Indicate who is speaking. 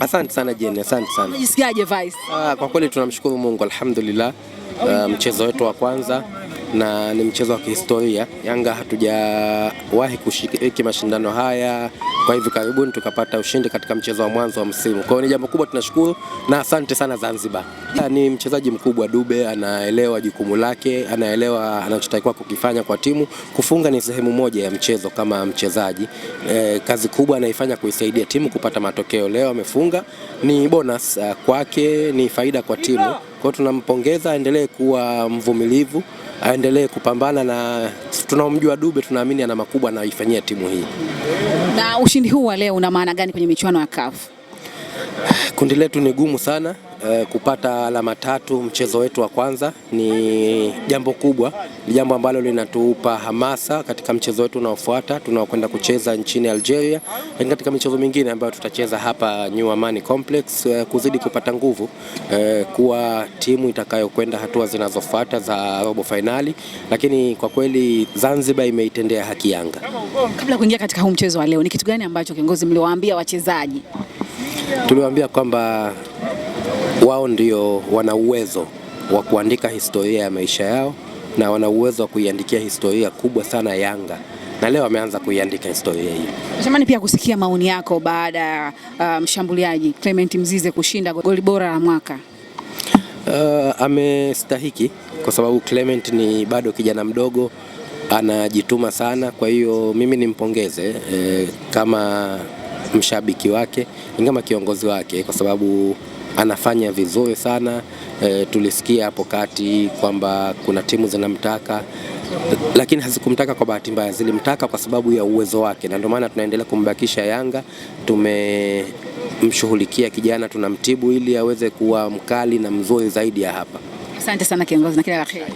Speaker 1: Asante sana Jenny, asante sana.
Speaker 2: Unajisikiaje Vice?
Speaker 1: Ah, kwa kweli tunamshukuru Mungu alhamdulillah. Uh, mchezo wetu wa kwanza na ni mchezo wa kihistoria. Yanga hatujawahi kushiriki mashindano haya kwa hivi karibuni, tukapata ushindi katika mchezo wa mwanzo wa msimu. Kwa hiyo ni jambo kubwa, tunashukuru na asante sana Zanzibar. Ni mchezaji mkubwa Dube, anaelewa jukumu lake, anaelewa anachotakiwa kukifanya kwa timu. Kufunga ni sehemu moja ya mchezo kama mchezaji e, kazi kubwa anaifanya kuisaidia timu kupata matokeo. Leo amefunga, ni bonus uh, kwake, ni faida kwa timu. Kwa tunampongeza, aendelee kuwa mvumilivu, aendelee kupambana na tunaomjua Dube, tunaamini ana makubwa anaifanyia timu hii.
Speaker 2: Na ushindi huu wa leo una maana gani kwenye michuano ya CAF?
Speaker 1: Kundi letu ni gumu sana eh, kupata alama tatu mchezo wetu wa kwanza ni jambo kubwa, ni jambo ambalo linatupa hamasa katika mchezo wetu unaofuata tunaokwenda kucheza nchini Algeria, lakini katika michezo mingine ambayo tutacheza hapa New Amani Complex eh, kuzidi kupata nguvu eh, kuwa timu itakayokwenda hatua zinazofuata za robo fainali. Lakini kwa kweli Zanzibar imeitendea haki Yanga.
Speaker 2: Kabla kuingia katika huu mchezo wa leo, ni kitu gani ambacho kiongozi mliwaambia wachezaji?
Speaker 1: Tuliwaambia kwamba wao ndio wana uwezo wa kuandika historia ya maisha yao na wana uwezo wa kuiandikia historia kubwa sana Yanga na leo ameanza kuiandika historia hii.
Speaker 2: Natamani pia kusikia maoni yako baada ya uh, mshambuliaji Clement Mzize kushinda goli bora la mwaka.
Speaker 1: Uh, amestahiki kwa sababu Clement ni bado kijana mdogo, anajituma sana. Kwa hiyo mimi nimpongeze eh, kama mshabiki wake, ni kama kiongozi wake kwa sababu anafanya vizuri sana e, tulisikia hapo kati kwamba kuna timu zinamtaka lakini hazikumtaka kwa bahati mbaya, zilimtaka kwa sababu ya uwezo wake, na ndio maana tunaendelea kumbakisha Yanga. Tumemshughulikia kijana, tunamtibu ili aweze kuwa mkali na mzuri zaidi ya hapa. Asante sana kiongozi, na kila la heri.